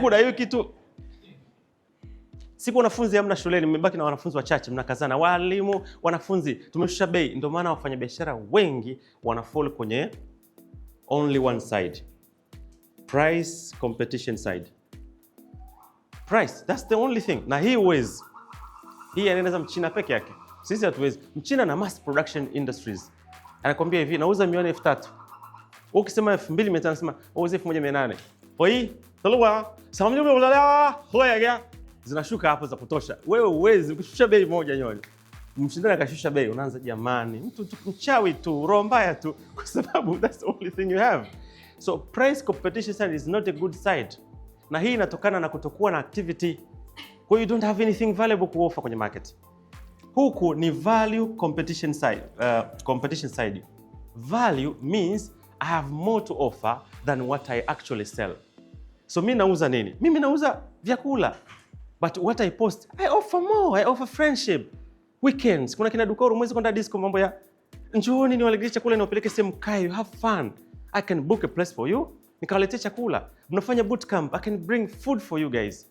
Kuna hiyo kitu siku wanafunzi hamna shuleni, mmebaki na wanafunzi wachache, mnakazana walimu, wanafunzi, tumeshusha bei. Ndio maana wafanyabiashara wengi wanafall kwenye only one side, price competition side, price that's the only thing. Na hii huwezi, hii anaeleza mchina peke yake, sisi hatuwezi. Mchina na mass production industries anakwambia hivi, nauza milioni elfu tatu, ukisema elfu mbili mia tano, anasema uuze oh, elfu moja mia nane kwa hii na ah. lugha ya samjumbe mtalewa ah. hoya gea zinashuka hapo za kutosha. Wewe uwezi kushusha bei moja nyonyo. mshindani akashusha bei, unaanza jamani, mtu mchawi tu, roho mbaya tu, kwa sababu that's the only thing you have. So price competition side is not a good side, na hii inatokana na kutokuwa na activity, kwa you don't have anything valuable to offer kwenye market. Huku ni value competition side, uh, competition side. Value means I have more to offer than what I actually sell. So mi nauza nini? Mimi nauza vyakula, but what I post, I offer more. I offer friendship, weekends. Kuna kina Dukauru, mwezi kwenda disco, mambo ya njooni, niwalegeshe chakula, niwapeleke sehemu you have fun. I can book a place for you, nikawaletea chakula. Mnafanya bootcamp, I can bring food for you guys.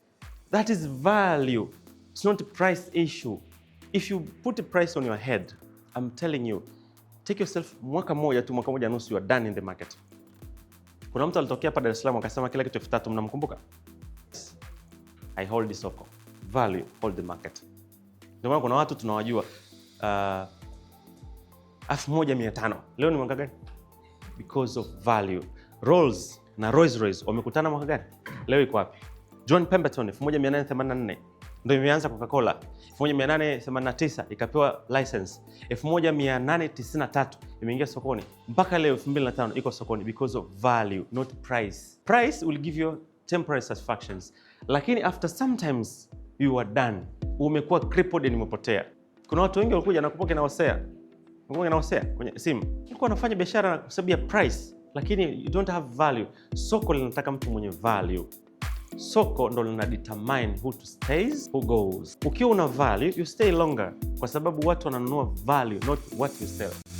That is value. It's not a price issue. If you put a price on your head, I'm telling you, take yourself mwaka moja tu, mwaka moja nusu, you are done in the market. Kuna mtu alitokea hapa Dar es Salaam akasema kile kitu elfu tatu, mnamkumbuka? I hold the soko. Value hold the market. Ndio maana kuna watu tunawajua uh, elfu moja mia tano leo ni mwaka gani? Because of value. Rolls na Rolls Royce wamekutana mwaka gani? Leo iko wapi? John Pemberton 1884 ndio imeanza Coca-Cola 1889 ikapewa license, 1893 imeingia sokoni mpaka leo 2005 iko sokoni because of value not price. Price will give you temporary satisfactions, lakini after sometimes you are done, umekuwa crippled and umepotea. Kuna watu wengi walikuja na kupoke na wasea nakumbuka na wasea kwenye simu, Walikuwa wanafanya biashara kwa sababu ya price, lakini you don't have value. Soko linataka mtu mwenye value. Soko ndo lina determine who to stays, who goes. Ukiwa una value, you stay longer, kwa sababu watu wananunua value, not what you sell.